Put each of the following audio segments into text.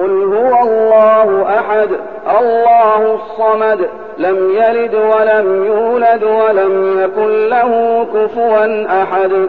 قل هو الله أحد الله الصمد لم يلد ولم يولد ولم يكن له كفوا أحد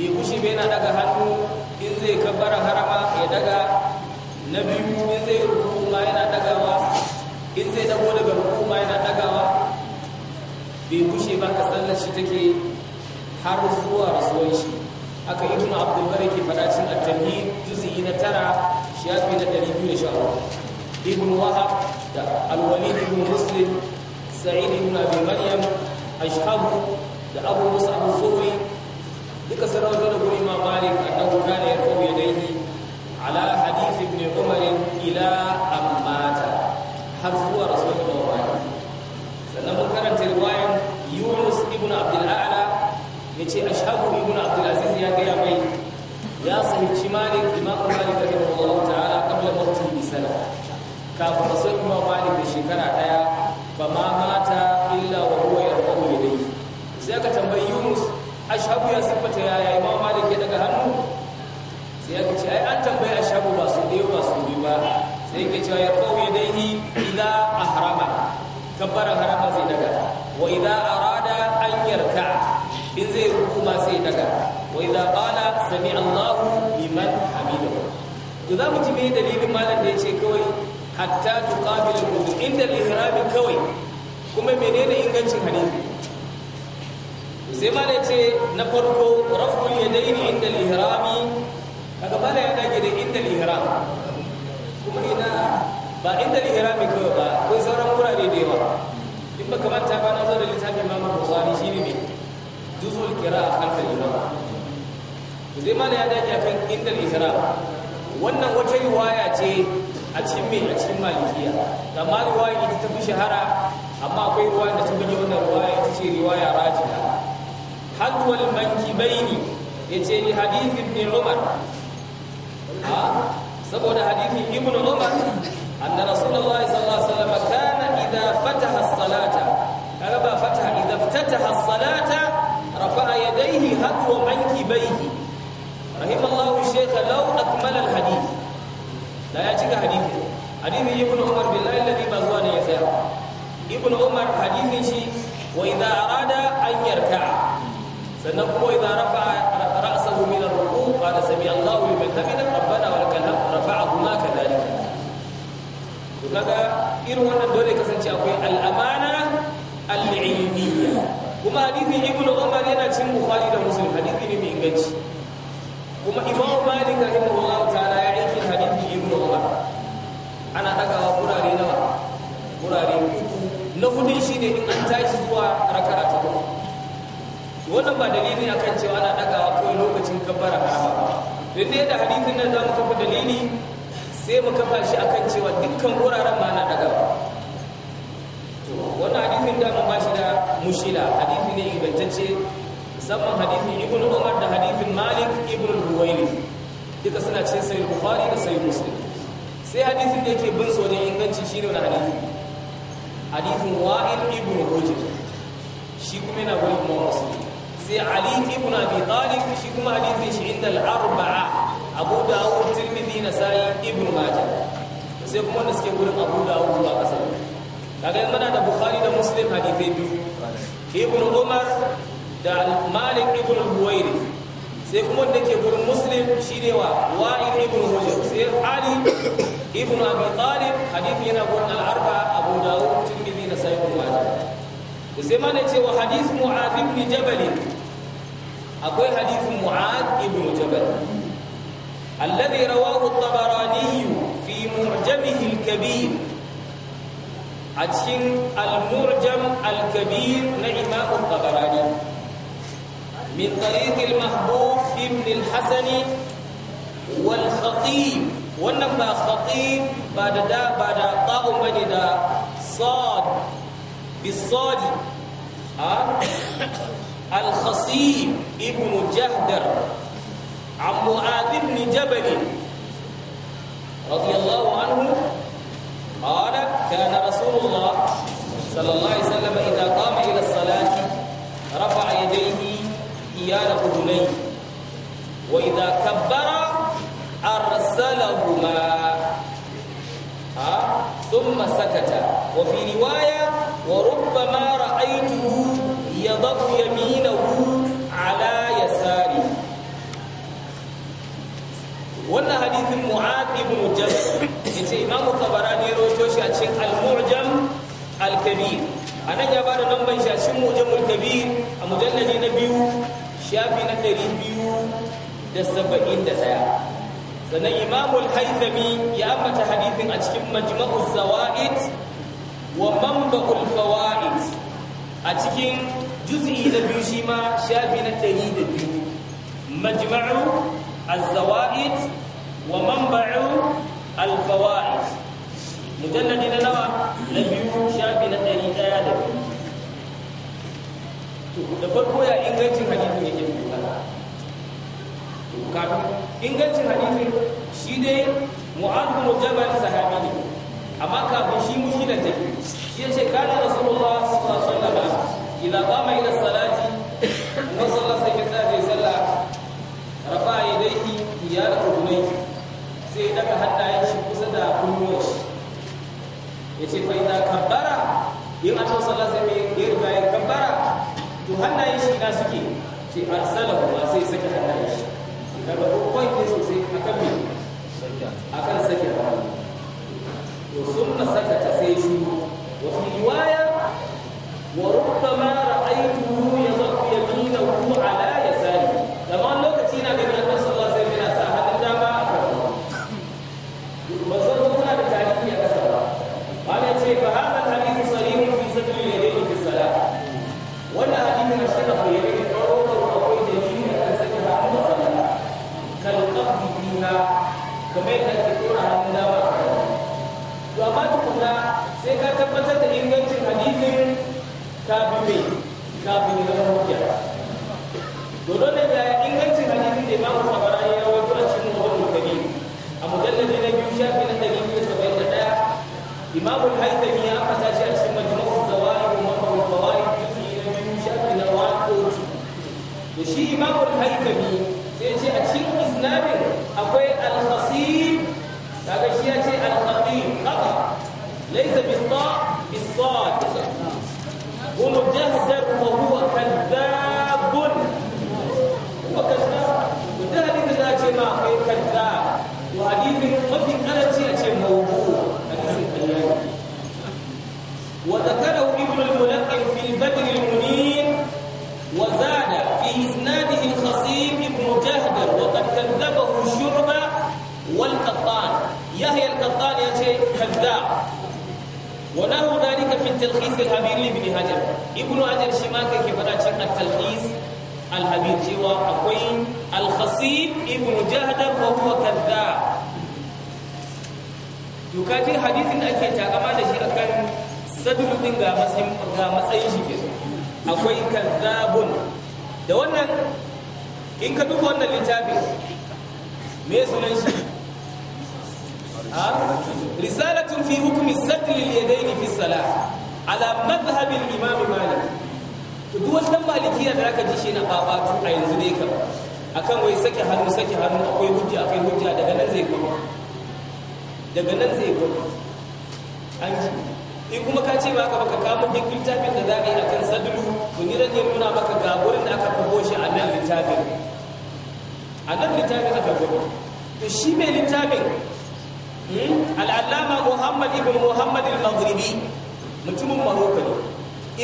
bai kushe bai na daga hannu in zai kabbara harama ya daga na biyu in zai ruku ma yana dagawa in zai dago daga ruku ma yana dagawa bai kushe ba ka sallar shi take har zuwa rasuwar shi aka kuma abdul bari ke fada cin at-tamhid juz'i na tara shafi na biyu da uku ibn wahab da al ibn muslim sa'id ibn abi maryam ashhabu da abu musa abu zuhri duka sarauta da guri ma malik annahu kana yarfu yadayhi ala hadith ibn umar ila ammata har zuwa rasulullahi malik sannan mun karanta riwayan yunus ibn abdul a'la yace ashabu ibn abdul aziz ya ga mai ya sahibci malik imam malik rahimahullahu ta'ala qabla mawtihi bi sana kafin rasulullahi imam malik da shekara daya ba ma mata illa wa huwa yarfu yadayhi sai ka tambayi yunus ashabu ya siffata yaya imam malik ya daga hannu sai ya ce ai an tambaye ashabu ba su dai ba su bi ba sai ke cewa ya qawi daihi ila ahrama kabbara harama sai daga wa idza arada an yarka in zai ruku ma sai daga wa idza qala sami Allahu liman hamida to za mu ji me dalilin malam da ya ce kawai hatta tuqabilu inda al ihram kawai kuma menene ingancin hadisi sai ma da ce na farko raful yadaini inda lihrami daga bala ya dage da inda lihram kuma ina ba inda lihrami kawai ba akwai sauran wurare da yawa in baka manta ba na zo da littafin Imam Bukhari shine ne juzul qira'a khalfal imam sai ma da ya dage akan inda lihram wannan wata riwaya ce a cikin mai a cikin malikiya amma riwaya ita ta fi shahara amma akwai riwaya da ta buge wannan riwaya ita ce riwaya rajiha hadwal mankibaini yace ni hadithi ibn umar saboda hadithin ibn umar anna rasulullahi sallallahu alaihi wasallam kana idha fataha as-salata kaga ba fataha idha iftataha as-salata rafa'a yadayhi hadwa mankibaihi rahimallahu shaykh law akmala al-hadith la ya cika hadithi hadithin ibn umar billahi alladhi ba zuwa ne ya tsaya ibn umar hadithi shi wa idha arada an yarka'a sannan kuma idan rafa'a ra'sahu min ar-ruku' qala sami Allahu liman hamida rabbana wa lakal hamd rafa'ahu ma kadhalika to kaga irin wannan dole kasance akwai al-amana al-ilmiyya kuma hadisi ibn Umar yana cin Bukhari da Muslim hadisi ne mai inganci kuma Imam Malik rahimahullahu ta'ala ya aiki hadisi ibn Umar ana dagawa gurare nawa gurare uku na hudun shine in an tashi zuwa raka'a ta wannan ba dalili akan cewa ana daga ko lokacin kabbara harama ba ne da hadisin nan za mu kafa dalili sai mu kafa shi akan cewa dukkan wuraren ma ana daga. to wannan hadisin da mun bashi da mushila hadisi ne ibantacce musamman hadisin ibnu umar da hadisin malik ibnu ruwayli duka suna cikin sahih bukhari da sahih muslim sai hadisin da yake bin sa inganci inganci shine wannan hadisi. hadisin wa'il ibnu hujr shi kuma yana gurin imam muslim sai ali ibn abi talib shi kuma hadisi shi inda al-arba'a abu dawud tirmidhi nasai ibn majah sai kuma wanda suke gurin abu dawud ba kasar kaga yanzu da bukhari da muslim hadisai biyu ibn umar da malik ibn huwairi sai kuma wanda ke gurin muslim shi ne wa wa'il ibn hujjar sai ali ibn abi talib hadisi yana gurin al-arba'a abu dawud tirmidhi nasai ibn majah sai ma ne cewa hadith mu'adh ibn jabal أقول حديث معاذ بن جبل الذي رواه الطبراني في معجمه الكبير أجسن المعجم الكبير نعماء الطبراني من طريق المحبوب ابن الحسن والخطيب ونما خطيب بعد دا بعد طاء صاد بالصاد ها الخصيب ابن جهدر عن معاذ بن جبل رضي الله عنه قال كان رسول الله صلى الله عليه وسلم إذا قام إلى الصلاة رفع يديه ايال أذنيه وإذا كبر أرسلهما ثم سكت وفي رواية وربما رأيته yadhu yaminahu ala yasari wannan hadithin mu'ad ibn jabal yace imam tabarani ya rawaito shi a cikin al-mu'jam al-kabir anan ya bada lambar shi a cikin mu'jam al-kabir a mujalladi na biyu shafi na 271 sannan Imam al-haythami ya ambata hadithin a cikin majma'u zawaid wa mambaul fawaid a cikin juz'i da biyu shi ma shafi na ɗari da biyu majma'u az-zawaid wa manba'u al-fawaid mujalladi na nawa na biyu shafi na ɗari daya da biyu da farko ya ingancin hadisin yake dogara kafin ingancin hadisin shi dai mu'adh bin jabal sahabi ne amma kafin shi da take shi yace kana rasulullah idza qama ila salati man salla sai ya tsaya salla rafa yadayhi ya da kunai sai daga hannayen shi kusa da kunnuwan shi ce fa idza kabbara in an salla sai mai ya riga ya kabbara to hannayen shi na suke ce arsalahu ma sai saka hannayen shi kaga kokon ke sosai a kan akan me akan sake hannu to sunna saka ta sai shi wasu riwaya وربما رأيته يضع يمينه على يساره لما لوكتي ina ganin Allah sallallahu alaihi wasallam yana sa hannun dama a kan ba san da tarihi a kasar ba malai ce fa hada hadithu sarih fi sadr al-yadayn fi salat wannan hadithu na shi da koyar da karo akwai a sai ka tabbatar كافي كافي نعم وكيلا دولا يا إنجاز ما نجد ما هو خبرة يا وجوه أشين ما هو مكاني أما جل جل يوشيا بين تجيم في سبعة تدا إمام الحي تجيا أساسي أشين ما جنوه زواي وما هو زواي يوشيا يوشيا بين الوان كوش يشي إمام الحي تجيا يشي أشين إسلام أقوي الخصيب ليس بالطاء بالصاد ومجاهد وهو كذاب talhis al-habir ibn hajar ibnu hajar shi ma kake faɗa cikin at-talhis al-habir cewa akwai al-khasib ibn jahdar wa huwa kadhab to hadisin ake takama da shi akan sadru din matsayin shi ke akwai kadhabun da wannan in ka wannan littafin me shi risalatun fi hukmi ala madhhabin imam malik to duk wannan maliki da aka ji shi na babatu a yanzu dai ka. akan wai sake hannu sake hannu akwai hujja akwai hujja daga nan zai kuma daga nan zai koma an ji in kuma ka ce ba ka baka kama duk littafin da za a yi akan sadulu to ni ran ne nuna maka ga gurin da aka fago shi a nan littafin a nan littafin aka fago to shi mai littafin hmm, al'allama muhammad ibn muhammad al-maghribi mutumin maroko ne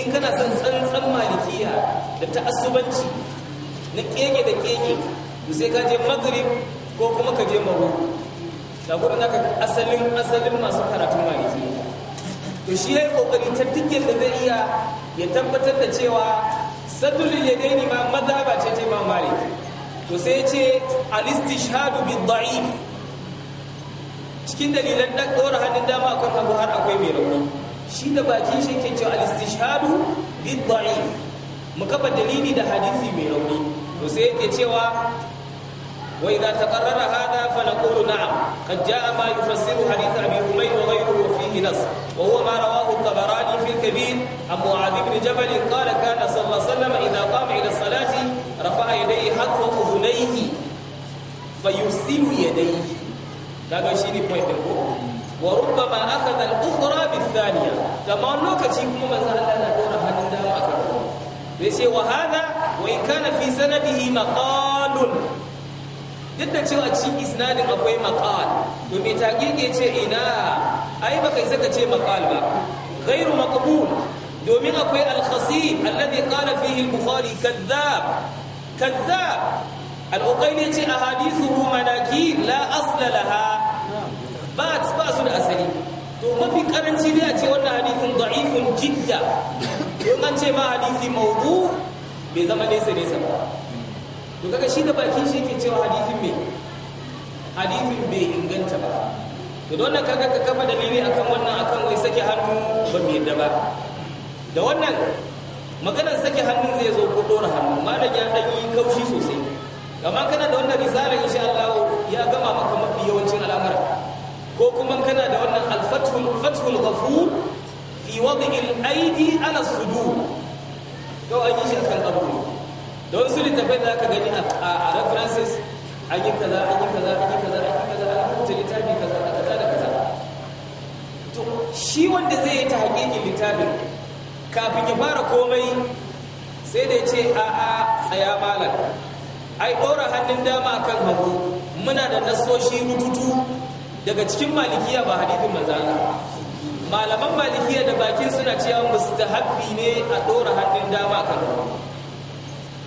in kana son tsantsan malikiya da ta'assubanci na kege da kege to sai ka je maghrib ko kuma ka je maroko da gudun asalin asalin masu karatun malikiya to shi ya yi kokari ta dukkan da zai iya ya tabbatar da cewa sadulul yadaini ma madhaba ce ta imam malik to sai ya ce al-istishhadu bid-da'if cikin dalilan ɗora hannun dama akwai abu har akwai mai rauni shi da bakin shi ke cewa al-istishhadu bid mu kafa dalili da hadisi mai rauni to sai yake cewa wa idza taqarrara hada fa naqulu na'am qad jaa ma yufassiru hadith abi humayr wa ghayruhu wa fihi nas wa huwa ma rawahu at-tabarani fi al-kabir am mu'adh ibn jabal qala kana sallallahu alaihi idza qama ila salati rafa'a yadayhi hatta udhunayhi fayusilu yadayhi kaga shi ne point din ko وربما أخذ الأخرى بالثانية لما أنك تقول مثلا لنا دون هذا الدام أكبر وهذا وإن كان في سنده مقال جدا تيو أتشي إسناد أبوي مقال ومتاقيك يتشي إنا أي بك إذا كتشي مقال با غير مقبول دومين أبوي الخصيب الذي قال فيه البخاري كذاب كذاب الأقيل يتشي أحاديثه لا أصل لها ba su da asali to mafi karanci dai a ce wannan hadisin da'ifun jidda in an ce ma hadithi mawdu bai zama nesa nesa ba to kaga shi da bakin shi yake cewa hadisin me hadithin bai inganta ba to don nan kaga ka kafa dalili akan wannan akan wai sake hannu ba mai yadda ba da wannan maganar sake hannu zai zo ko dora hannu malam ya dan yi kaushi sosai amma kana da wannan risala insha Allah ya gama maka mafi yawancin al'amuran ko kuma kana da wannan alfathul fathul ghafur fi wad'il aidi ala sudur to an yi shi akan abu don su littafai da aka gani a references an yi kaza an yi kaza an yi kaza an yi kaza an rubuta littafi kaza a kaza da kaza to shi wanda zai yi ta hakikin littafin kafin ya fara komai sai da ya ce a a tsaya malam ai ɗora hannun dama akan hagu muna da nasoshi rututu daga cikin malikiya ba hadithin manzana malaman malikiya da bakin suna cewa mustahabbi ne a dora hannun dama kan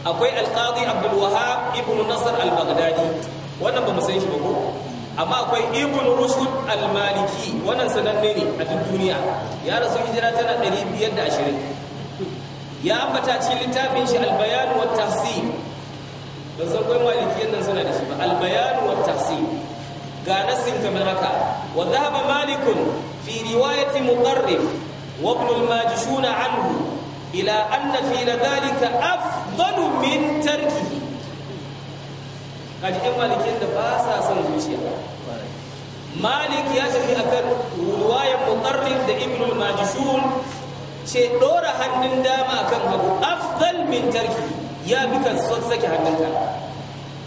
akwai alqadi abdul wahab ibnu nasr al-baghdadi wannan ba mu san shi ba ko amma akwai ibn rushd al-maliki wannan sananne ne a duk duniya ya rasu hijira tana 520 ya ambata cikin littafin shi al-bayan wa tahsin ban san kai malikiyan nan suna da shi ba al-bayan wa tahsin ga nasin kamar haka wa dhahaba malik fi riwayati muqarrif wa ibn al-majshun anhu ila anna fi dhalika afdalu min tarkihi kaji ɗan malikin da ba sa son zuciya malik ya tafi akan riwayar muqarrif da ibn al-majshun ce dora hannun dama akan hagu afdal min tarki ya bi kan sake hannunka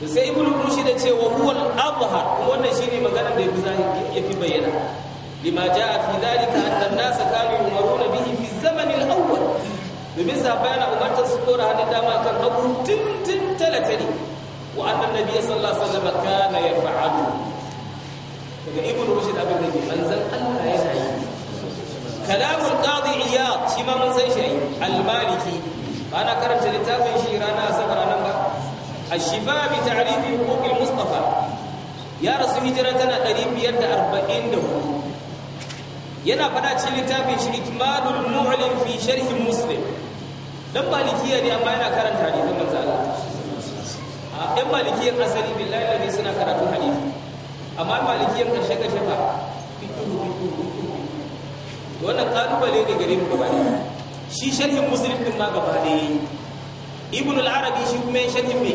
da sai ibn rushd da cewa huwal azhar wannan shine maganar da yafi zahiri yafi bayyana lima jaa fi dhalika anna an-nas kanu yumaruna bihi fi zaman al-awwal domin sahabbai na umartar su kora hannun dama kan hagu tintin talatali wa annan nabiya sallallahu alaihi wasallam kana yaf'alu daga ibn rushd abin da manzon Allah yana yi kalamul qadi iyad shi ma mun san shi al-maliki ana karanta littafin shi rana asabar ranar الشفاء بتعريف حقوق المصطفى يا رسول هجرتنا قريب يد أربعين ده ينا فدا cikin littafin shi ikmalul mu'lim fi sharh muslim dan malikiya ne amma yana karanta hadisin manzo Allah ɗan malikiyan asali billahi ne suna karatu hadisi amma malikiyan karshe karshe ba wannan kalubale ne gare mu gaba shi sharhin muslim din ma gaba ne ibn al-arabi shi kuma sharhin me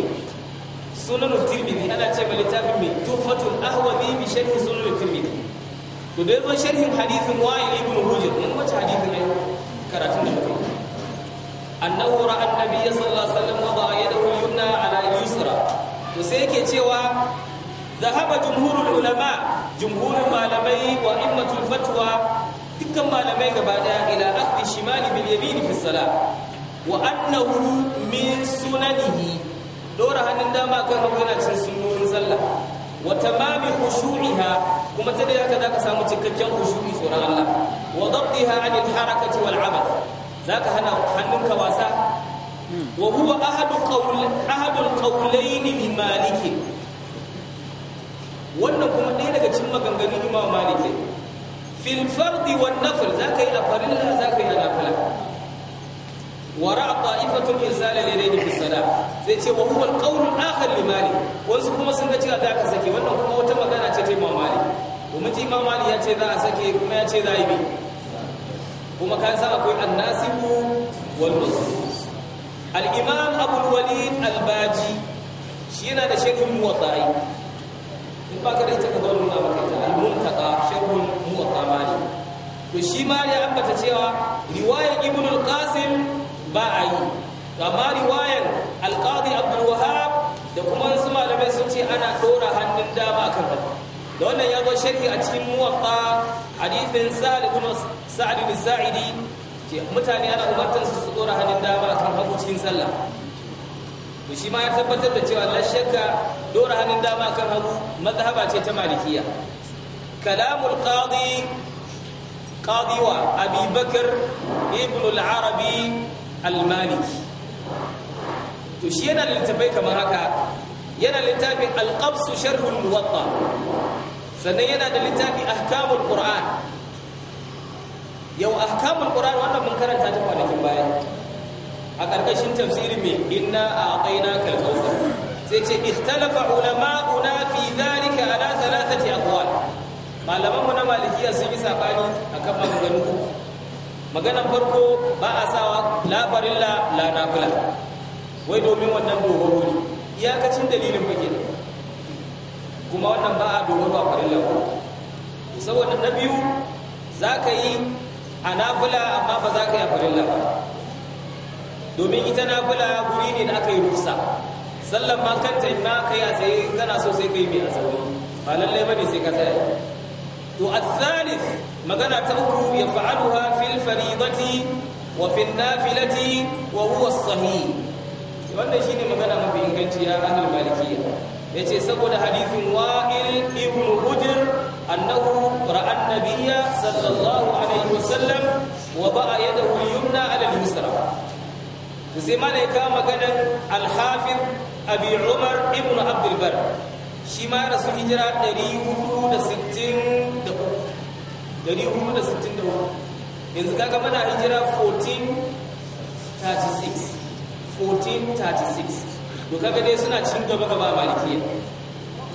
sunanin tirmidhi ana ce mai littafin mai tufatul ahwazi bi sharhi sunanin tirmidhi to da yazo sharhin hadithin wa'il ibn hujr mun wace hadithin ne karatun da muke annahu ra'a an sallallahu alaihi wasallam wada yadahu yumna ala yusra to sai yake cewa zahaba jumhurul ulama jumhurul malamai wa immatul fatwa dukkan malamai gaba daya ila akhdhi shimali bil yamin fi salat dora hannun dama kan hagu yana cin sunnonin sallah wa tamami khushu'iha kuma ta da haka ka samu cikakken khushu'i tsoron Allah wa dabtiha 'anil harakati wal 'abath ka hana hannunka wasa hmm. wa huwa ahadu qawl ahadu qawlayn li malik wannan kuma ɗaya daga cikin maganganun Imam Malik fil fardi wan nafl zaka yi a farilla zaka yi a nafila wara ta'ifatul irsala lilayni fi salat sai ce wa huwa al-qawl al-akhar li malik wasu kuma sun ga cewa za ka sake wannan kuma wata magana ce ta Imam Malik domin ta Imam Malik ya ce za a sake kuma ya ce za a yi bi kuma ka san akwai an-nasibu wal mansub al-imam Abu Walid al-Baji shi yana da sharhin muwatta'i in ba ka da ita ka zo nuna maka ita al-muntaqa sharhun muwatta Malik to shi ma ya ambata cewa riwayar Ibn al-Qasim ba a yi amma riwayan alƙadi abdul wahab da kuma wasu malamai sun ce ana ɗora hannun dama akan gaba da wannan ya zo sharhi a cikin muwaffa hadithin sa'ad ibn sa'ad ibn sa'idi ce mutane ana umartar su su ɗora hannun dama akan hagu cikin sallah to shi ma ya tabbatar da cewa la shakka ɗora hannun dama akan hagu mazhaba ce ta malikiya kalamul qadi qadi wa abi bakr ibn al-arabi al-maliki to shi yana littafai kamar haka yana littafin al-qabsu sharhul muwatta sannan yana da littafi ahkamul qur'an yau ahkamul qur'an wannan mun karanta ta kwanakin baya a karkashin tafsirin me inna a'tayna kal kawthar sai ce ikhtalafa ulama'una fi dhalika ala thalathati aqwal malaman mu na malikiya sun yi sabani akan maganganu maganan farko ba a sawa la farilla la nafila wai domin wannan dogoro ne iyakacin dalilin fake kuma wannan ba a dogoro a farilla ko saboda na biyu za ka yi a nafila amma ba za ka yi a farilla ba domin ita nafila guri ne da aka yi rusa sallan ma kanta ma ka yi a tsaye kana so sai ka yi mai a tsaye ba lallai ba ne sai ka tsaye to a thalith magana ta uku ya fa'aluha fil faridati wa fil nafilati wa huwa sahih wannan shine magana mafi inganci ya ahlul malikiyya yace saboda hadithin wa'il ibn hujr annahu ra'a an-nabiyya sallallahu wa wasallam wa ba'a yadahu al-yumna 'ala al-yusra sai malaika maganan al-hafiz abi umar ibn abd al-bar shi ma rasul hijira 463 464 yanzu kaga mana hijira 1436 1436 to kaga dai suna cin gaba gaba malikiya to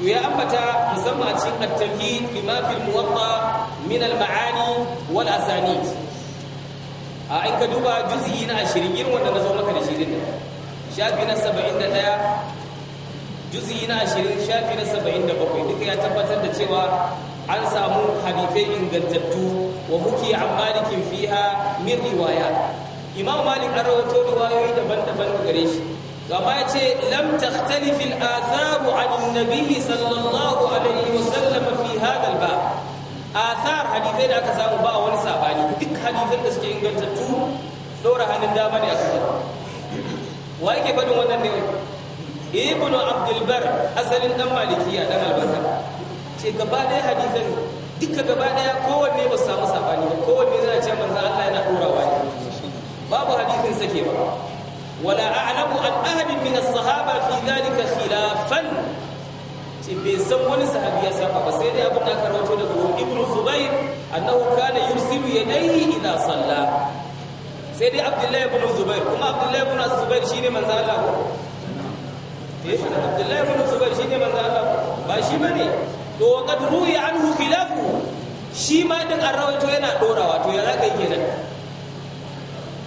ya ambata musamman cin at-tamhid bima fil muwatta min al-ma'ani wal asanid a in ka duba juz'i na 20 irin wanda na zo maka da shi din shafi na 71 juz'i na 20 shafi na 77 duka ya tabbatar da cewa an samu hadifai ingantattu wa muke a malikin fiha min riwaya imam malik an rawato riwayoyi daban-daban gare shi gama ya ce lam takhtalifil atharu an nabi sallallahu alaihi wa sallam fi hadal ba athar hadifai da aka samu ba wani sabani duk hadifan da suke ingantattu dora hannun dama ne aka samu wa yake faɗin wannan ne ibnu abdul bar asalin dan malikiya dan albarka ce gaba ɗaya hadisan duka gaba ɗaya kowanne ba su samu sabani ba kowanne zai ce manzo Allah yana dorawa ne babu hadisin sake ba wala a'lamu an ahadin min as-sahaba fi dhalika khilafan ce bai san wani sahabi ya saba ba sai dai abin da aka rawato daga Ibn Zubair annahu kana yursilu yadayhi ila salla sai dai Abdullahi ibn Zubair kuma Abdullahi ibn Zubair shine manzo Allah ko eh Abdullahi ibn Zubair shine manzo Allah ba shi bane to wa qad ru'i anhu khilafu shi ma din an rawaito yana dorawa to ya zaka yi nan.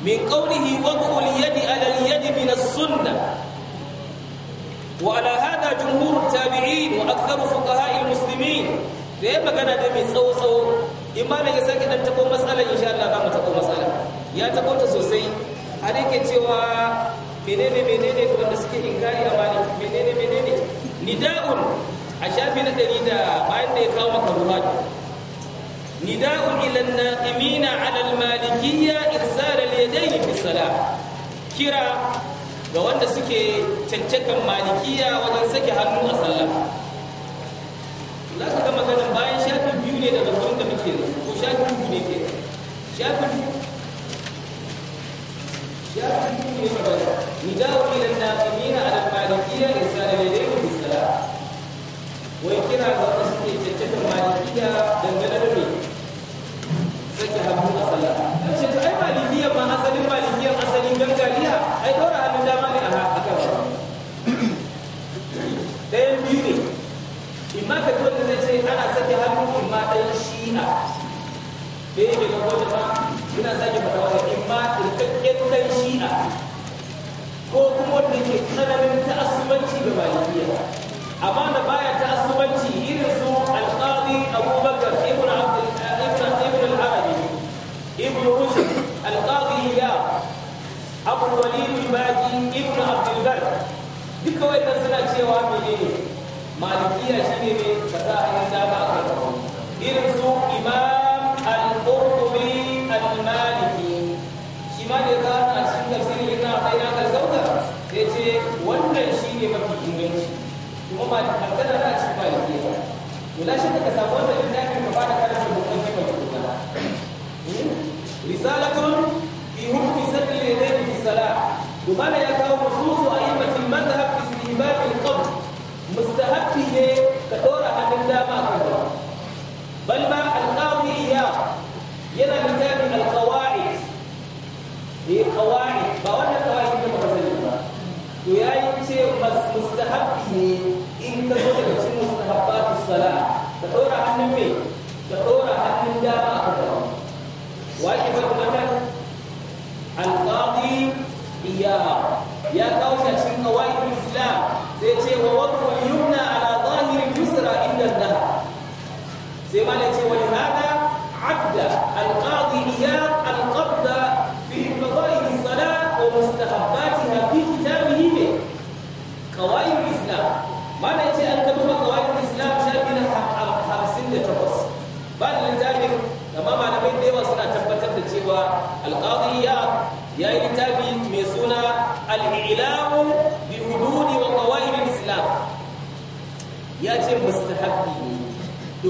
min qawlihi wad'u al-yadi ala yadi min as-sunnah wa ala hada jumhur at-tabi'in wa aktharu fuqaha al-muslimin da ya magana da mai tsawo tsawo imamin ya sake dan tabo masala, insha Allah za mu tabo matsalar ya tabo ta sosai har yake cewa menene menene wanda suke inkari a maliki menene menene nida'un a shafi na ɗari da bayan da ya kawo maka makaruhat nida'un ila naqimina ala al-malikiyya irsal al-yadayn fi salat kira ga wanda suke cancakan malikiya wajen sake hannu a sallah za ka ga maganin bayan shafin biyu ne daga da muke ko shafin biyu ne ke shafin biyu shafin biyu ne magana nida'un ila naqimina ala al-malikiyya irsal al-yadayn wai kira ga wanda suke caccakar malikiya dangane da mai sake hannu a sallah na ce to ai malikiya ma asalin malikiya asalin gangariya ai daura hannun dama ne a akan shi ɗayan biyu ne imma ka tuwa da ce ana sake hannu imma ɗayan shi'a ɗaya ne ga kowace ma ina sake fata wani imma ɗirkakken ɗan na. ko kuma wanda ke tsananin ta'asubanci ga malikiya amma da baya ta asubanci irin su alqadi abubakar ibn abd ibn al-arabi ibn rushd alqadi hiyab abu walid al-baqi ibn abd al-bar duka wannan suna cewa ne malikiya shine ne ba za a yi dama a kan irin su imam al-qurtubi al-maliki shi ma da ka a cikin tafsirin yana kai na ka zauka yace wannan shine mafi kuma magana ta cikin maliki ba to la shi ka samu wannan littafin ka fara karanta hukunci ba kuma risalatun fi hukmi sabbi yadayhi fi salat to mana ya kawo nususu a'immatul madhhab fi istihbab al-qabd mustahabbi ne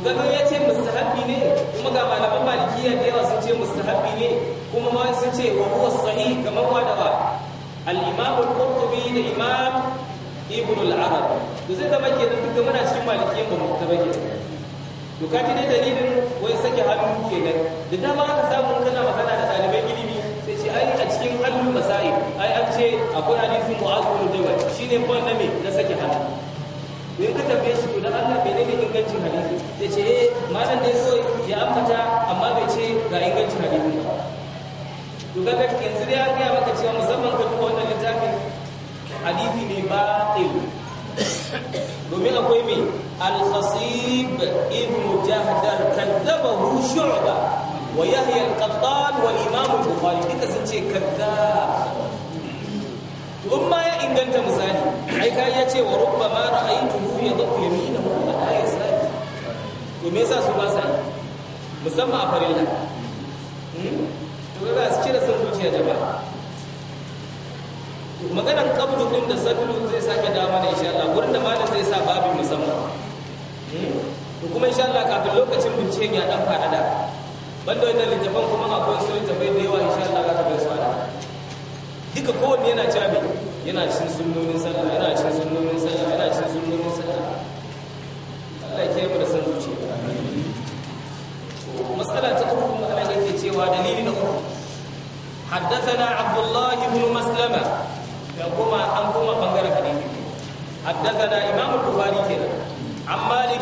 to ya ce mustahabbi ne kuma ga malaman malikiya da yawa sun ce mustahabbi ne kuma ma sun ce wa huwa sahih kamar wa da wa al al-qurtubi da imam ibn al-arab to zai zama da duka muna cikin malikiyan ba mu ta bage to ta dai dalilin wai sake hannu kenan da dama aka samu kana magana da ɗalibai ilimi sai ce ai a cikin hannu masai ai an ce akwai hadisin mu'azzu da wai shine point na me na sake hannu bai ka tambaye su to dan Allah menene ingancin hadisi ya ce eh malam ne so ya ambata amma bai ce ga ingancin hadisi ba to da yanzu dai ya gaya maka cewa musamman ka duka wannan littafin hadisi ne ba domin akwai mai al-khasib ibn jahdar kadzabahu shu'ba wa yahya al-qattan wal imam al-bukhari duka sun ce kazzab in ma ya inganta misali ai ka ya ce wa rubba ma ra'aytuhu yamina yaminahu wa la sai to me yasa su ba sai yi musamman a farilla hmm? to ga su cire san zuciya da ba maganar kabdu din da sabulu zai sake dama mana insha Allah gurin da malam zai sa babin musamman hmm? to kuma insha Allah kafin lokacin bincike ya dan fada da banda wannan litafin kuma akwai su littafai da yawa insha Allah za ka bai su duka kowanne yana cewa yana cin sunnonin sallah yana cin sunnonin sallah yana cin sunnonin sallah Allah ke mu da san zuci uku kuma ana yake cewa dalili na uku haddathana abdullah ibn maslama da kuma an kuma bangaren hadisi haddathana imam al-bukhari kenan عن مالك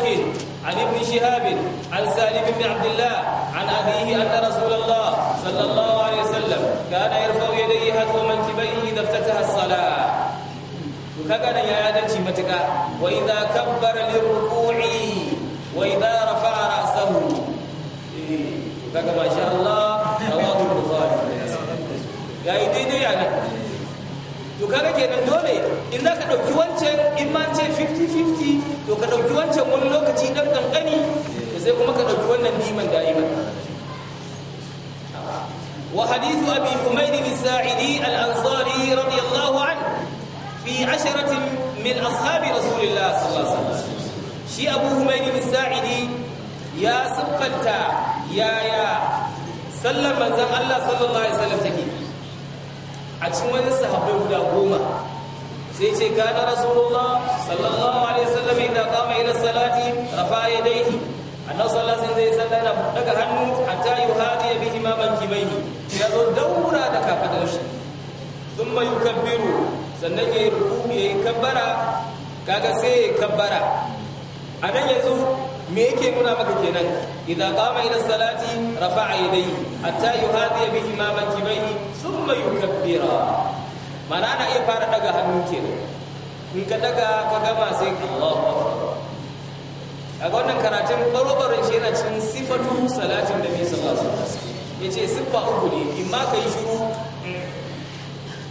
عن ابن شهاب عن سالم بن عبد الله عن أبيه أن رسول الله صلى الله عليه وسلم وسلم كان يرفع يديه حذو منكبيه إذا افتتح الصلاة كغنا يا عدنتي متكا وإذا كبر للركوع وإذا رفع رأسه كما شاء الله رواه البخاري يا ديدي يعني to kaga kenan dole in za ka ɗauki wancan in ma ce 50-50 to ka ɗauki wancan wani lokaci ɗan ƙanƙani sai kuma ka ɗauki wannan diman da وحديث أبي حميد الساعدي الأنصاري رضي الله عنه في عشرة من أصحاب رسول الله صلى الله عليه وسلم شي أبو حميد الساعدي يا سبقنتا يا يا سلم من زن الله صلى الله عليه وسلم تكي أجمل الصحابة ودا قوما سيشي كان رسول الله صلى الله عليه وسلم إذا قام إلى الصلاة رفع يديه annabi sallallahu alaihi wasallam zai salla yana daga hannu hatta yuhadiya bihi ma bankibaihi ya zo daura da kafadar shi thumma yukabbiru sannan yayi ruku yayi kabbara kaga sai kabbara anan yanzu me yake nuna maka kenan idan qama ila salati rafa'a yadayhi hatta yuhadiya bihi ma bankibaihi thumma yukabbira mana na iya fara daga hannu kenan in ka daga ka gama sai Allahu akbar a wannan karatun barobarin shi yana cikin sifatu salatin da bisa ba su ya ce siffa uku ne in ma ka yi shuru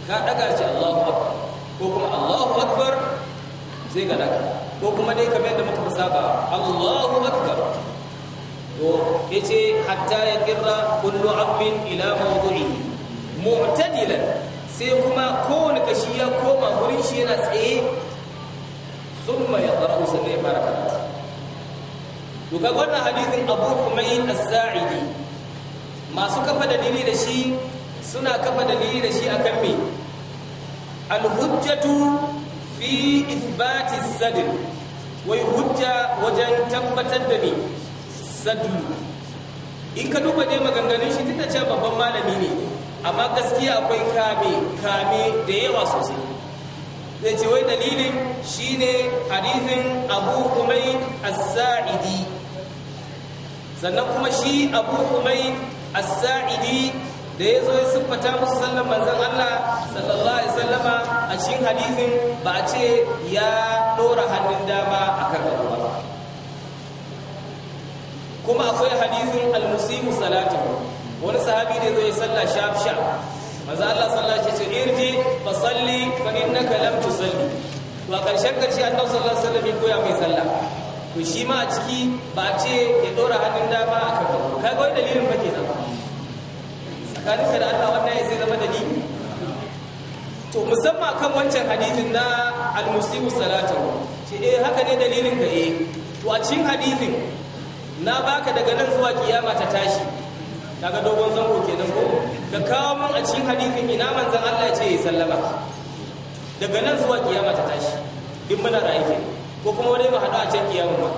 ka daga ce allahu akbar ko kuma allahu akbar sai ka daga ko kuma dai kamar yadda muka saba allahu akbar to ya ce hatta ya kirra kullu abin ila mawdu'ihi mu'tadilan sai kuma kowane kashi ya koma wurin shi yana tsaye summa ya qara'u sannan ya fara karatu to wannan hadisin Abu Humayd As-Sa'idi masu kafa dalili da shi suna kafa dalili da shi akan me al-hujjatu fi ithbati as-sadr wai hujja wajen tabbatar da ni sadr in ka duba dai maganganun shi tunda cewa babban malami ne amma gaskiya akwai kame kame da yawa sosai zai ce wai dalilin shine hadithin abu kumai as-sa'idi sannan kuma shi abu umai as-sa'idi da ya zo ya siffata musu sallan manzan Allah sallallahu alaihi sallama a cikin hadisin ba a ce ya dora hannun dama a kan ba kuma akwai hadisin al-musimu salatu wani sahabi da ya zo ya salla shaf shaf manzon Allah sallallahu alaihi ce irji fa salli fa innaka lam tusalli to a ƙarshen ƙarshe annabi sallallahu alaihi wasallam ya koya mai sallah to shi ma a ciki ba a ce ya ɗora hannun dama a kan hagu kaga wani dalilin ba ke nan. tsakanin da Allah wannan ya zai zama dalili to musamman kan wancan hadisin na al-muslimu salatahu ce eh haka ne dalilin ka eh to a cikin hadisin na baka daga nan zuwa kiyama ta tashi daga dogon zango kenan ko ka kawo mun a cikin hadisin ina manzon Allah ce ya sallama daga nan zuwa kiyama ta tashi duk muna ra'ayi kenan ko kuma wani mu haɗu a can kiyamun ba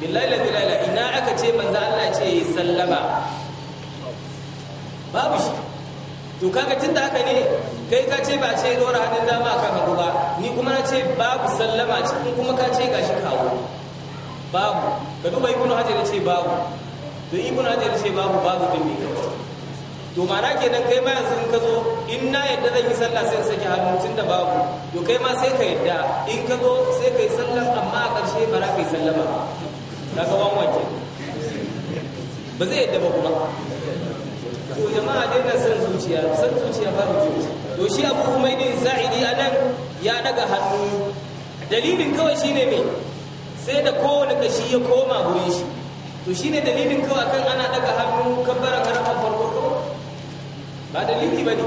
billahi la bilala ina aka ce manzo Allah ce sallama babu shi to kaga tunda haka ne kai ka ce ba ce dora hannun dama aka hagu ba ni kuma na ce babu sallama cikin kuma ka ce gashi kawo babu ka duba ibnu hajar ya ce babu to ibnu hajar ya ce babu babu din ne kawai to mana kenan kai ma yanzu in ka zo in na yadda zan yi sallah sai saki hannu tun da babu to kai ma sai ka yadda in ka zo sai ka yi sallah amma a ƙarshe ba za ka yi ba ka ga wan wanke ba zai yadda ba kuma to jama'a dai na san zuciya san zuciya ba kyau to shi abu umaidi sa'idi anan ya daga hannu dalilin kawai shine me sai da kowane kashi ya koma gurin shi to shine dalilin kawai kan ana daga hannu kabbaran harkar farko ba dalili ba ne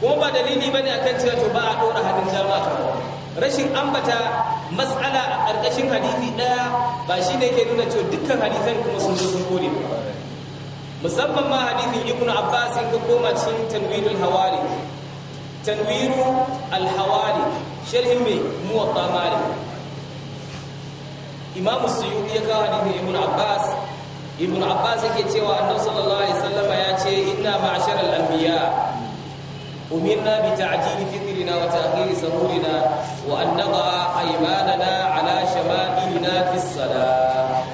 kuma ba dalili ba ne a kan cewa to ba a ɗora hannun dama rashin ambata matsala a ƙarƙashin hadisi ɗaya ba shi ne ke nuna cewa dukkan hadisan kuma sun zo sun kore musamman ma hadisin ibnu abbas in ka koma cikin tanwirul hawari tanwiru al-hawari sharhin mai muwatta mali imamu suyu ya kawo hadisin ibnu abbas ibn abbas yake cewa annabi sallallahu alaihi wasallam ya ce inna ma'ashara al-anbiya umirna bi ta'jili fitrina wa ta'khiri sahurina wa an nada'a aymanana ala shama'ilina fi as-salah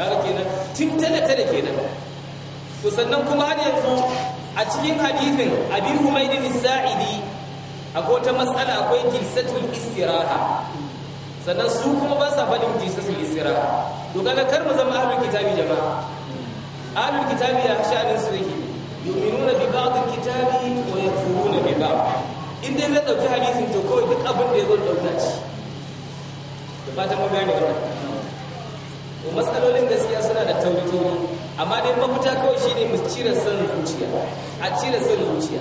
kaga kenan tun tana tana kenan to sannan kuma har yanzu a cikin hadithin abi humaydin as-sa'idi akwai ta mas'ala akwai kilsatul istiraha sannan su kuma ba sa faɗin jesus lisira to kar mu zama ahlul kitabi jama'a ahlul kitabi ya sha'anin su yake yu'minuna bi ba'd kitabi wa yakfuruna bi ba'd in dai zai dauki hadisin to kawai duk abin da yazo dauka ci da fatan mun gane wannan to matsalolin gaskiya suna da tauri tauri amma dai mafita kawai shine mu cire san zuciya a cire san zuciya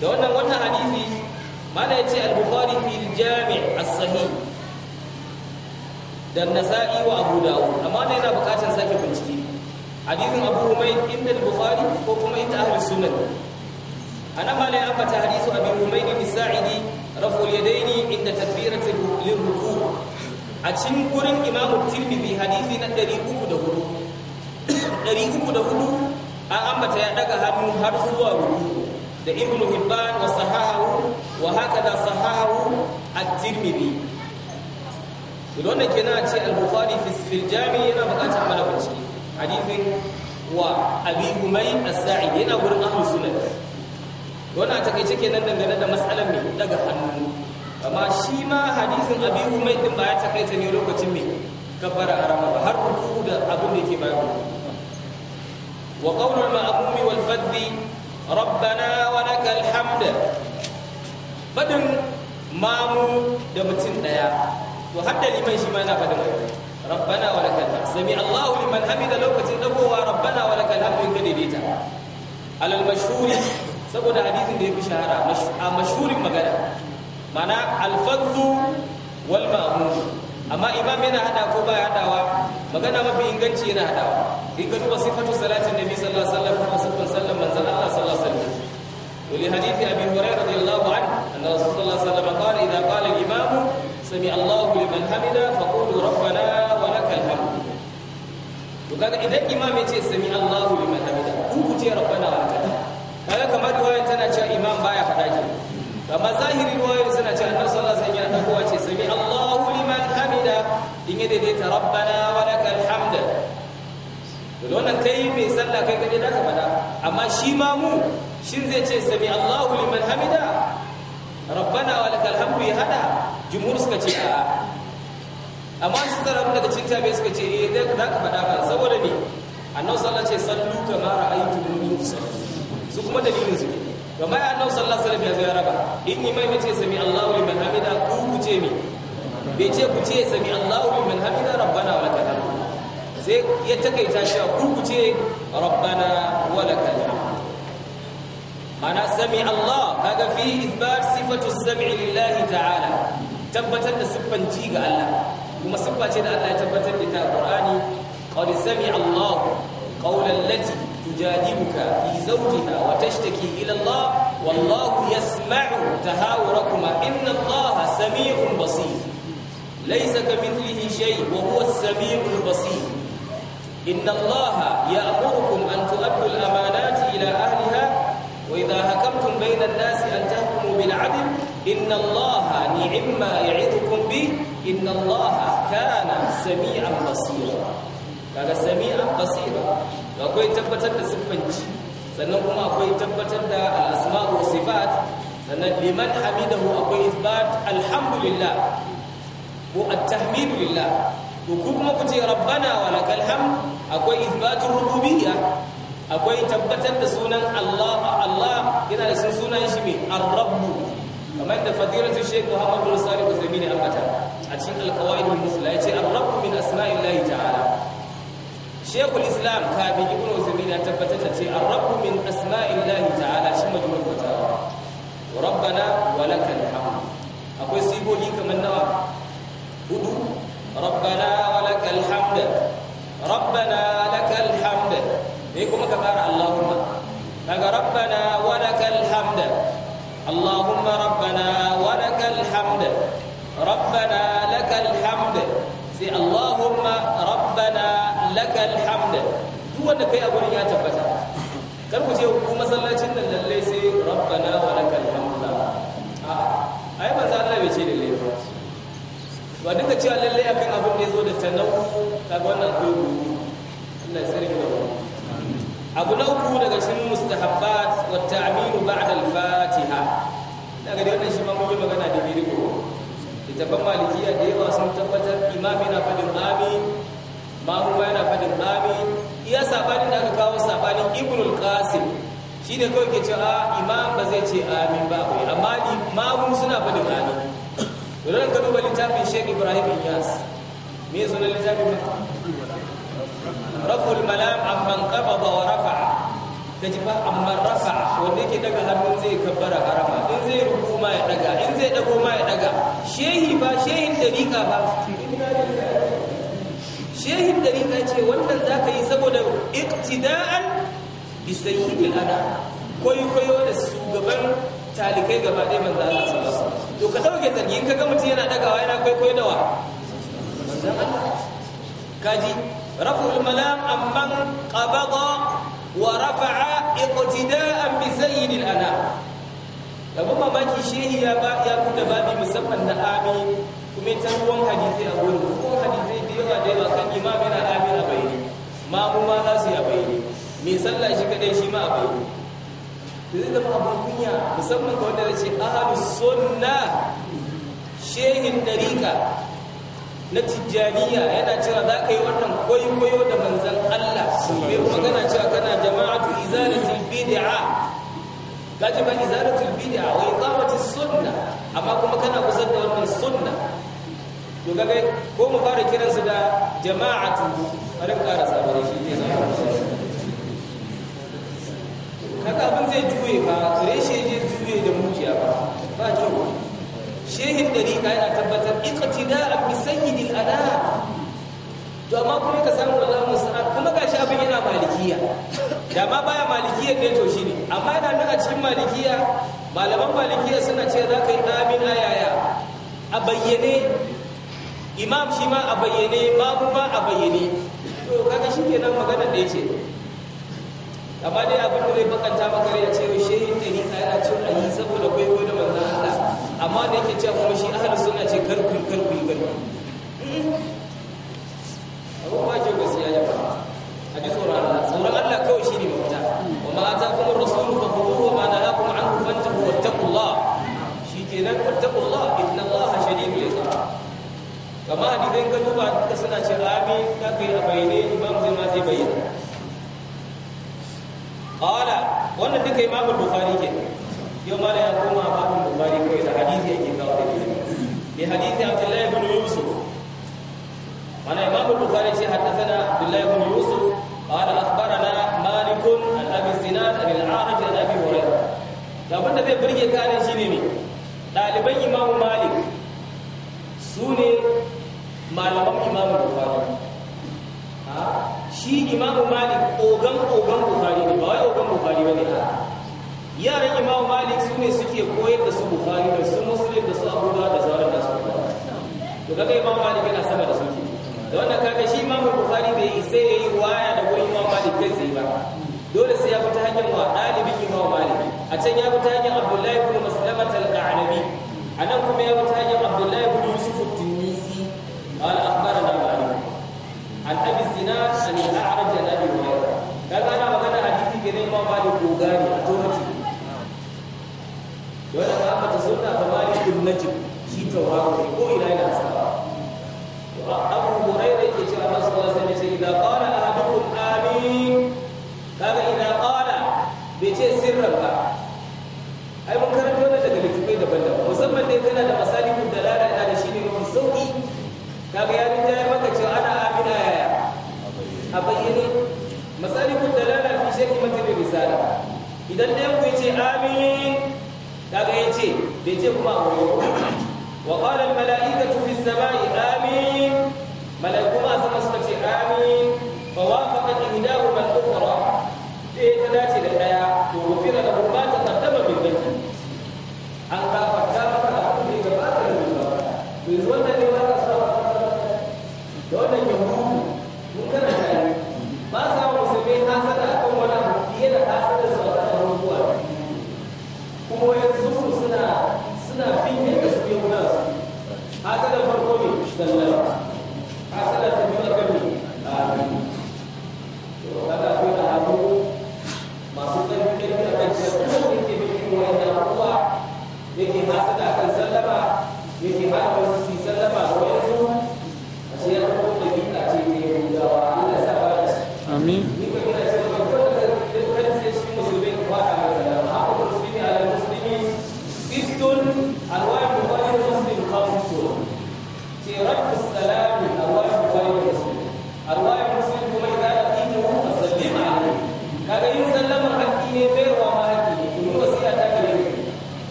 da wannan wannan hadisi mana yace al-bukhari fil jami' as-sahih da nasa'i wa abu dawud amma dai yana bukatar sake bincike hadisin abu humay inda bukhari ko kuma inda ahli sunan ana malai ambata hadisu abi humay bin sa'idi raful daini inda takbirati lirruku a cikin gurin imam tirmidhi hadisi na 304 304 an ambata ya daga hannu har zuwa ruku da ibnu hibban wa sahahu wa hakada sahahu at-tirmidhi idan wannan kenan ce al-bukhari fi jami yana bukatar mana bincike hadithin wa abi umayy as-sa'id yana gurin ahlus sunan wannan takeice kenan dangane da masalar ne daga hannu amma shi ma hadisin abi umayy din ba ya ta ne lokacin me kabbara arama ba har ruku da abin da yake bayan wa qawlu al-ma'mumi wal fadhi rabbana wa lakal hamd fadin mamu da mutum daya to har da liman shi ma yana faɗin rabbana wa lakal hamd sami Allahu liman hamida lokacin dagowa rabbana wa lakal hamd in ka daidaita alal mashhuri saboda hadisin da ya fi shahara a mashhurin magana mana alfadhu wal ma'mur amma imam yana hada ko baya hadawa magana mafi inganci yana hadawa in ka duba sifatu salatin nabi sallallahu alaihi wasallam kuma sifatu sallan manzon Allah sallallahu alaihi wasallam wali hadithi abi hurairah radiyallahu anhu anna rasulullah sallallahu alaihi wasallam qala idha qala sami Allahu liman hamida faqulu rabbana wa lakal hamd to idan imam yace sami Allahu liman hamida ku ku ce rabbana wa lakal kaga kamar riwaya tana cewa imam baya faɗa ki amma zahiri riwaya suna cewa annabi sallallahu alaihi wasallam yana dakowa ce sami Allahu liman hamida in ya daidaita rabbana wa lakal hamd to wannan kai mai sallah kai kaje da ka amma shi ma mu shin zai ce sami Allahu liman hamida rabbana wa lakal hamd ya hada jumhur suka ce a amma su tara daga cikin tabi suka ce eh dai za ka faɗa ba saboda me annabi sallallahu alaihi wasallam sallu kama ra'aytu su kuma dalilin su kuma kamar annabi sallallahu alaihi wasallam ya zo ya raba in imai mace sami Allahu liman hamida ku ku ce me bai ce ku ce sami Allahu liman hamida rabbana wa lakal hamd sai ya takaita shi a ku ku ce rabbana wa lakal hamd mana sami Allah kaga fi ithbat sifatu as-sam'i lillahi ta'ala tabbatar da siffan ji ga Allah kuma siffa ce da Allah ya tabbatar da ta Qur'ani qad sami'a Allah qawlan lati tujadibuka fi zawjiha wa tashtaki ila Allah wallahu yasma'u tahawurakuma inna Allah sami'un basir laysa kamithlihi shay wa huwa as-sami'ul basir inna Allah ya'murukum an tu'addu al-amanati ila ahliha وإذا هكمتم بين الناس أن تهكموا بالعدل إن الله نعما يعظكم به إن الله كان سميعا بصيرا kaga sami'an basira akwai tabbatar da siffanci sannan kuma akwai tabbatar da al-asma'u sifat sannan liman hamidahu akwai isbat alhamdulillah ko at-tahmid lillah to kuma ku rububiyya akwai tabbatar da sunan Allah Allah yana da sunan shi mai ar-rabb kamar da fadilatu Sheikh Muhammad bin Salih Uthaymeen ambata a cikin al-qawaid al-musla yace ar-rabb min asma'illahi ta'ala Sheikh al-Islam Kabi Ibn Uthaymeen ya tabbatar da ce ar-rabb min asma'illahi ta'ala shi majmu'ul fatawa rabbana wa lakal hamd akwai sigogi kamar nawa hudu rabbana wa lakal hamd rabbana lakal sai kuma ka fara Allahumma daga rabbana wa lakal hamda Allahumma rabbana wa lakal hamda rabbana lakal hamda sai Allahumma rabbana lakal hamda duk wanda kai a gurin ya tabbata kar ku ce ku masallacin nan lalle sai rabbana wa lakal hamda a ai manzo Allah bai ce lalle ba ba duka cewa lalle akan abin da ya zo da tanau kaga wannan akwai ruhu Allah ya tsare mu da ruhu abu na uku daga cikin mustahabbat wa ta'minu ba'da al-fatiha daga da wannan shi ma mun yi magana da biri ko littafin malikiya da yawa sun tabbatar imami na fadin amin mamu yana fadin amin iya sabanin da aka kawo sabanin ibnul qasim shi ne kawai ke cewa ah, imam ba zai ce amin ba kai amma mamu suna fadin amin don ka duba littafin shek Ibrahim yas me sunan littafin ba raful malam amman qabada wa rafa'a ji ba amman rafa'a wanda yake daga hannu zai kabbara harama in zai ruku ma ya daga in zai dago ma ya daga shehi ba shehin dariqa ba shehin dariqa ce wannan zaka yi saboda iktida'an bi sayyidil ana koyo da shugaban talikai gaba ɗaya manzo Allah sallallahu alaihi wasallam to ka dauke zargi in kaga mutum yana dagawa yana kwaikwayo da wa manzo Allah kaji رفعوا الملام من قبض ورفع اقتداء بسيد الانام لما mamaki shehi ya با يا buɗe babi musamman na kuma ta ruwan hadisi a gurin ruwan hadisi da yawa da yawa kan imam yana amin a bayyane mamu ma za su yi a bayyane Me sallah shi kadai shi ma a zai zama abin musamman ga wanda ya ce ahlus sunna shehin dariqa na tijjaniya yana cewa za ka yi wannan kwaikwayo da manzan Allah mai magana cewa kana jama'atu izalatul bid'a kaji ba izalatul bid'a wa iqamatis sunna amma kuma kana kusa da wannan sunna to kaga ko mu fara kiransu da jama'atu a rinka karasa da shi ne haka abin zai juye ba shi zai juye da mukiya ba ba kyau shehin dariƙa a tabbatar iqtida'an bi kada to amma kuma ka samu wallahu musta'an kuma gashi abin yana malikiya da ma baya malikiya ne to shine amma yana nan a cikin malikiya malaman malikiya suna ce za ka yi amina yaya a bayyane imam shi ma a bayyane babu ma a bayyane to kaga shi kenan magana da yace amma dai abin da zai bakanta maka ya ce shehi ne ni yana cin ayi saboda kwaikwayo da manzon Allah amma da yake cewa kuma shi ahlus sunna ce karku karku karkul abu ba ke gaskiya ya fara a ji tsoron Allah tsoron Allah kawai shi ne mafita wa ma atakum ar-rasulu fa khudhuhu wa ma nahakum anhu fantahu wattaqullah shikenan wattaqullah inna Allaha shadidul iqab kama hadisin ka duba duka suna ce rami ka kai a bayyane imam zai ma zai bayyana qala wannan duka imam bukhari ke yau ma da ya koma babin bukhari kai da hadisi yake kawo da hadisi Abdullahi ibn wani imam al-bukhari ce haddathana abdullahi yusuf qala akhbarana malik an da burge kare malaman imam bukhari shi imam malik ogan ogan bukhari ne ba ogan bukhari ne. yaran imam malik su ne suke koyar da su bukhari da su muslim da su da sauran da su to kaga imam malik yana sama da su da wannan kaga shi Imam Bukhari bai isa yayi waya da wani Imam Malik kai sai ba dole sai ya fita hanyar wa dalibin Imam Malik a can ya fita hanyar Abdullahi ibn Maslamat al-Qanabi anan kuma ya fita hanyar Abdullahi ibn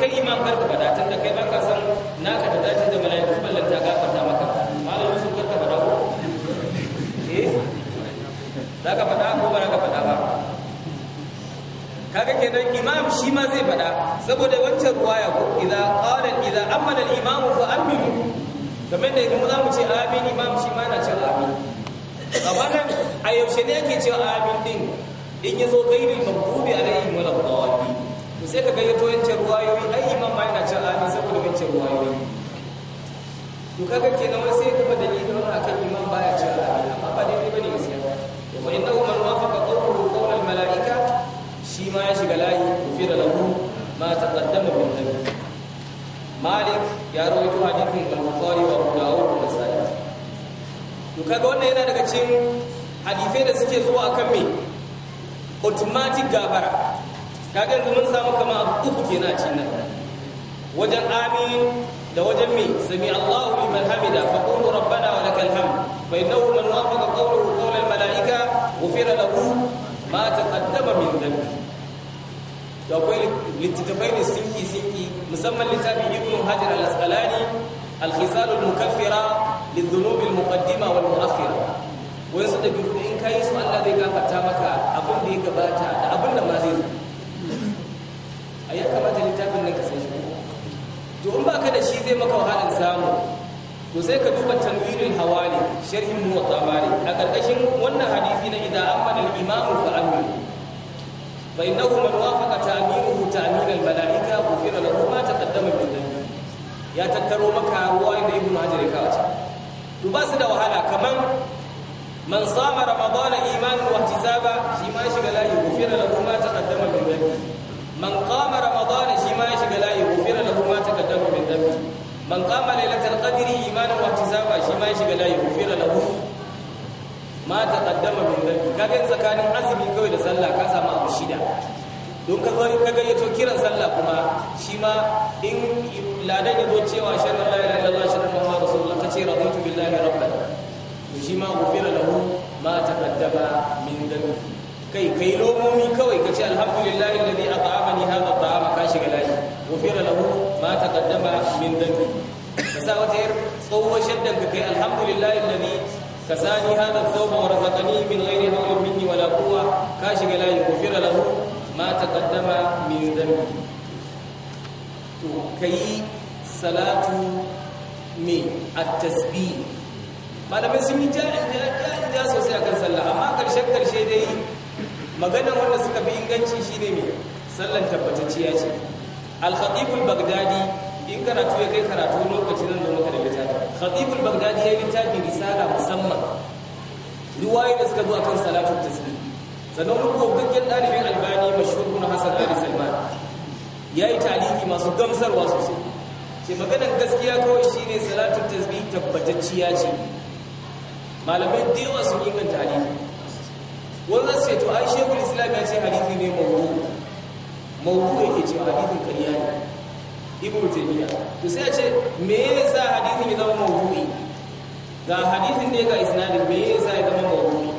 kai iman karka faɗa datin da kai baka san naka da dace da mala'iku ballan ta gafarta maka malamin sun karka faɗa ko eh za ka faɗa ko ba za ka faɗa ba kaga kenan imam shi ma zai faɗa saboda wancan ruwaya ko idza qala idza amana al-imam fa aminu kamar da kuma mu ce amin imam shi ma na ce amin amma nan a yaushe ne yake cewa amin din in yazo ghairil maghdubi alaihim waladdallin sai ka gayyato yancin ruwayoyi ai imam ma yana cin amin saboda yancin ruwayoyi to kaga kenan ma sai ka fa dalilin wani akan imam baya cin amin amma ba daidai bane gaskiya wa innahu man wafaqa qawluhu qawl al malaika shi ma ya shiga layi ufira lahu ma taqaddama min dhanbi malik ya rawaito hadithin al-bukhari wa abu dawud da sa'i to kaga wannan yana daga cikin hadisai da suke zuwa akan me automatic gabara kaga yanzu mun samu kama abu uku kenan a cin nan wajen amin da wajen mi sami Allahu liman hamida fa qulu rabbana wa lakal hamd fa innahu man wafaqa qawluhu qawla al malaika ghufira lahu ma taqaddama min dhanbi to akwai littattafai ne sinki sinki musamman littafin ibnu hajar al asqalani al khisal al mukaffira lidhunub al muqaddima wal muakhira wai su da in yi su Allah zai gafarta maka abin da ya gabata da abin da ma zai zo a ya kamata littafin nan ka san shi to in baka da shi zai maka wahalar samu to sai ka duba tanwirul hawali sharhin muwatta malik a ƙarƙashin wannan hadisi na idan amana al-imam fa amin fa innahu man wafaqa ta'minuhu ta'min al-malaika ghufira lahu ma taqaddama min dhanbi ya tattaro maka ruwayin da ibnu hajar ya kawo to ba su da wahala kaman man sama ramadana imanin wahtisaba shi ma shiga layi gufira lahu ma taqaddama min dhanbi man qama ramadana shi ma ya shiga layi gufira lahu ma taqaddama min dhanbi man qama lailatul qadri imanan wa ihtisaba shi ma ya shiga layi gufira lahu ma taqaddama min dhanbi kaga tsakanin azumi kawai da sallah ka samu abu shida don ka kaga yato kiran sallah kuma shi ma in ladan yazo cewa shanna la ilaha illallah shanna muhammadur rasulullah kace raditu billahi rabban to shi ma gufira lahu ma taqaddama min dhanbi kai kai lomomi kawai ka ce alhamdulillahi alladhi at'amani hadha at'ama ka shiga layi ghufira lahu ma taqaddama min dhanbi kasa wata yar tsohuwar shaddan kai alhamdulillahi alladhi kasani hadha thawba wa razaqani min ghairi hawlin minni wala quwwa ka shiga layi ghufira lahu ma taqaddama min dhanbi to kai salatu me at-tasbih malamai sun yi jari da sosai akan sallah amma karshe karshe dai maganar wanda suka fi inganci shine mai sallan tabbatacciya ce al bagdadi in karatu ya kai karatu lokacin nan da muka da littafi khatibul bagdadi ya yi littafi risala musamman riwayoyi da suka zo akan salatu tasbih sannan rubutu gaggen dalibin albani mashhur ibn hasan ali salman ya yi taliki masu gamsarwa sosai ce maganar gaskiya kawai shine salatu tasbih tabbatacciya ce malamai da yawa sun inganta hadisi wanda sai to ai shekul islam ya ce hadisi ne mawdu mawdu yake cewa hadisin kariya ne ibnu taymiya to sai ya ce me yasa hadisin ya zama mawdu'i ga hadithin ne ga isnadin me yasa ya zama mawdu'i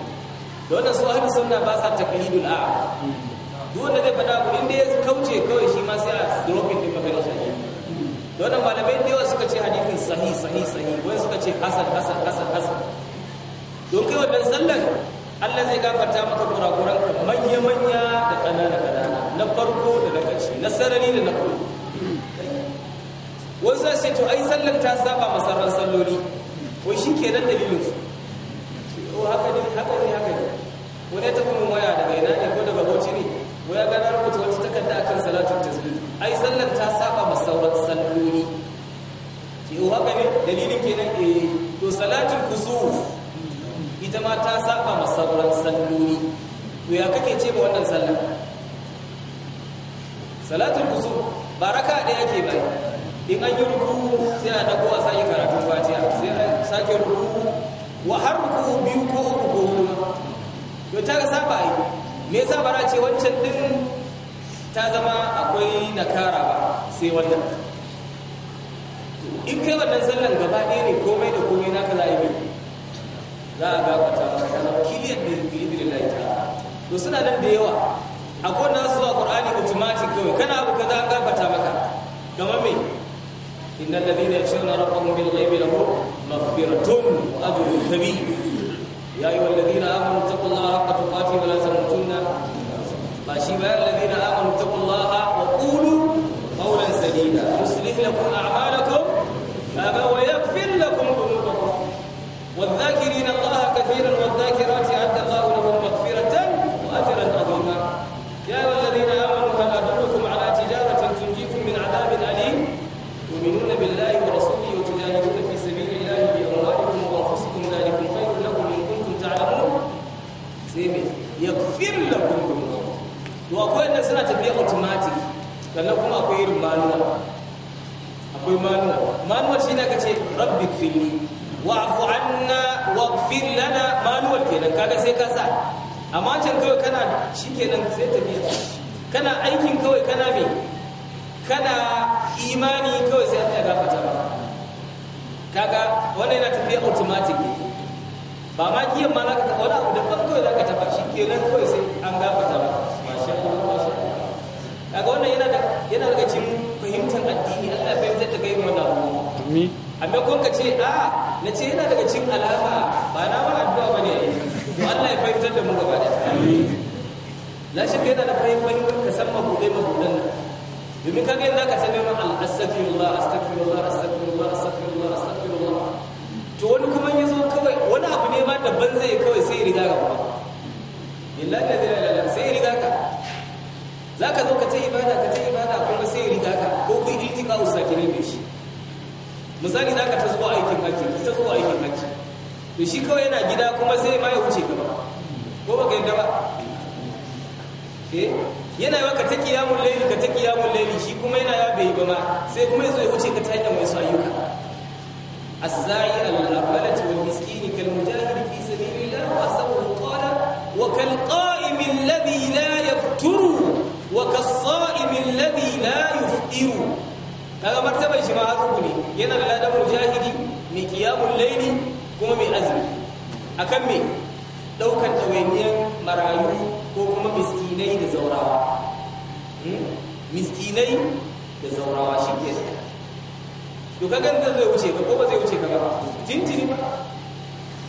da wannan su ahlus sunna ba sa taqlidul a? Dole dai zai ku inda ya kauce kawai shi ma sai a dropping din magana shi da wannan malamai da suka ce hadithin sahi sahi sahi wani suka ce hasan hasan hasan hasan don kai wannan sallan Allah zai gafarta maka kurakuran ka manya-manya da ƙanana-ƙanana na farko da na ƙarshe na sarari da na koyo wasu sai to ai sallan ta saba masarar salloli wai shi ke nan dalilin su o haka ne haka ne haka ne wani ta kuma waya daga ina ne ko daga bauchi ne waya gana rubuta wata takarda akan salatun tasbih ai sallan ta saba masauran salloli ke o haka ne dalilin kenan eh to salatul kusuf ita ma ta saba ma sauran salloli to ya kake ce ba wannan sallar salatul kusur ba raka ɗaya yake bai in an yi ruku sai a dago a sake karatu fatiha sai a sake ruku wa har ruku biyu ko uku ko huɗu to ta saba yi me yasa ba ce wancan din ta zama akwai nakara ba sai wannan in kai wannan sallan gaba ɗaya ne komai da komai naka za a yi za a gafarta maka kana kiliyan da bi idnillahi ita to suna nan da yawa akwai na zuwa qur'ani automatic kawai kana abu ka za a gabata maka kamar me innal ladina yakhshawna rabbahum bil ghaibi lahum maghfiratun wa ajrun tabi ya yi ayyuhalladhina amanu taqullaha haqqa tuqatih wa mutum na ba shi ba alladhina amanu taqullaha wa qulu qawlan sadida yuslih lakum ga wa rabbik fili wa'fu anna waghfir lana manual kenan kaga sai ka sa amma can kawai kana shikenan sai tafiya kana aikin kawai kana me kana imani kawai sai Allah ya gafarta maka kaga wannan yana tafiya automatic ba ma kiyan ma zaka taba wani abu daban kawai zaka taba shikenan kawai sai an gafarta maka masha Allah masha Allah kaga wannan yana da yana daga cikin fahimtar addini Allah ya fahimtar da kai wannan abu amma kun ka ce a na ce yana daga cin alama ba na wa addu'a ba ne to Allah ya fahimtar da mu gaba da la shi kai da fahimtar ka san mabuɗe mabuɗan nan domin ka ga yadda ka san neman al-astaghfirullah astaghfirullah astaghfirullah astaghfirullah astaghfirullah to wani kuma misali za ka ta zuwa aikin haji ka ta zuwa aikin haji to shi kawai yana gida kuma sai ma ya wuce gaba ko baka yadda ba eh yana yawa ka ta kiyamun laili ka ta kiyamun laili shi kuma yana yawa bai ba ma sai kuma ya zo ya wuce ka ta hanyar mai su ayyuka as-sa'i al-aqalati wal miskini kal mujahid fi sabilillah wa sawu qala wa kal qa'im alladhi la yafturu wa kas-sa'im alladhi la yufiru kaga martaban shi ma haka ku ne yana da ladan mujahidi mai kiyamun layli kuma mai azumi akan me daukar dawainiyar marayu ko kuma miskinai da zaurawa hmm? miskinai da zaurawa shi ke to kaga da zai wuce ka ko ba zai wuce ka ba tintini ba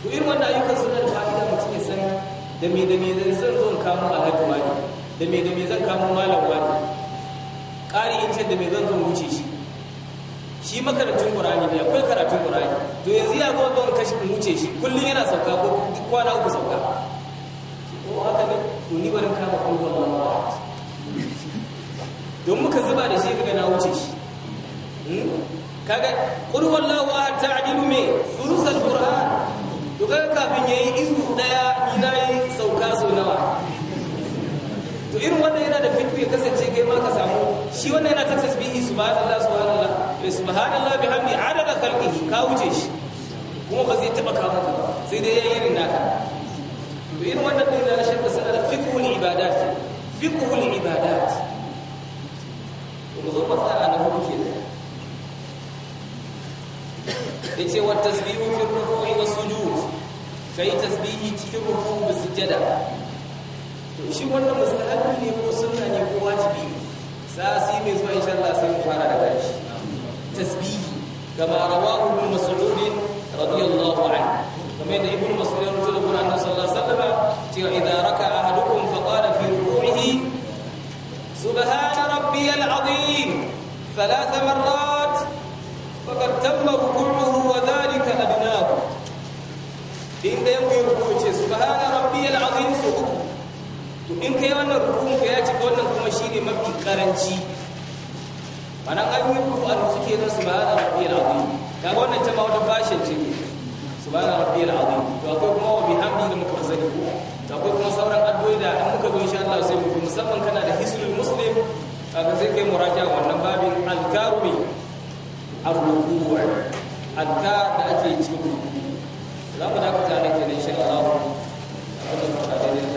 to irin wannan ayyukan suna da fa'ida mutum ya san da me da me zan zo in kamo alhaji da me da me zan kamo malam wani ƙari in ce da me zan zo wuce shi shi makarantun ƙurani ne akwai karatun ƙurani to yanzu ya ga ban kashi in wuce shi kullum yana sauka ko kwana uku sauka ko haka ne to ni barin kama ko ba don muka zuba da shi kaga na wuce shi hmm? kaga qul wallahu ahad ta'dilu me thuluthal qur'an to kaga kafin yayi izu daya ni yi sauka so nawa to irin wannan yana da fikri kasance kai ma ka samu shi wannan yana ta tasbihi subhanallah subhanallah subhanallahi bihamdi adada khalqihi ka wuce shi kuma ba zai taba ka maka sai dai yayin irin naka to irin wannan din da shirka suna da fiqhul ibadat fiqhul ibadat to mu zo matsala na hudu kenan yace wa tasbihu fi ruku'i was sujud kai tasbihi cikin ruku'u da sujada to shi wannan mustahabi ne ko sunna ne ko wajibi sai sai mai zuwa insha Allah sai mu fara daga shi التسبيح كما رواه ابن مسعود رضي الله عنه ومن ابن مسعود رضي الله عنه صلى الله عليه وسلم إذا ركع أحدكم فقال في ركوعه سبحان ربي العظيم ثلاث مرات فقد تم ركوعه وذلك أدناه إن كان يقول سبحان ربي العظيم سبحانه to in kai wannan rukunku ya cika wannan kuma shine ayoyin alwibu an suke na subhana rabbiyal azim kaga wannan ta ma wata fashin ce ne subhana rabbiyal azim to akwai kuma wa bihamdi da muka zani to akwai kuma sauran addu'o'i da in muka zo insha Allah sai mu musamman kana da hisnul muslim kaga sai kai muraja wannan babin alkarumi ar-ruku' adkar da ake cikin za mu dakata ne kenan insha Allah abin da muka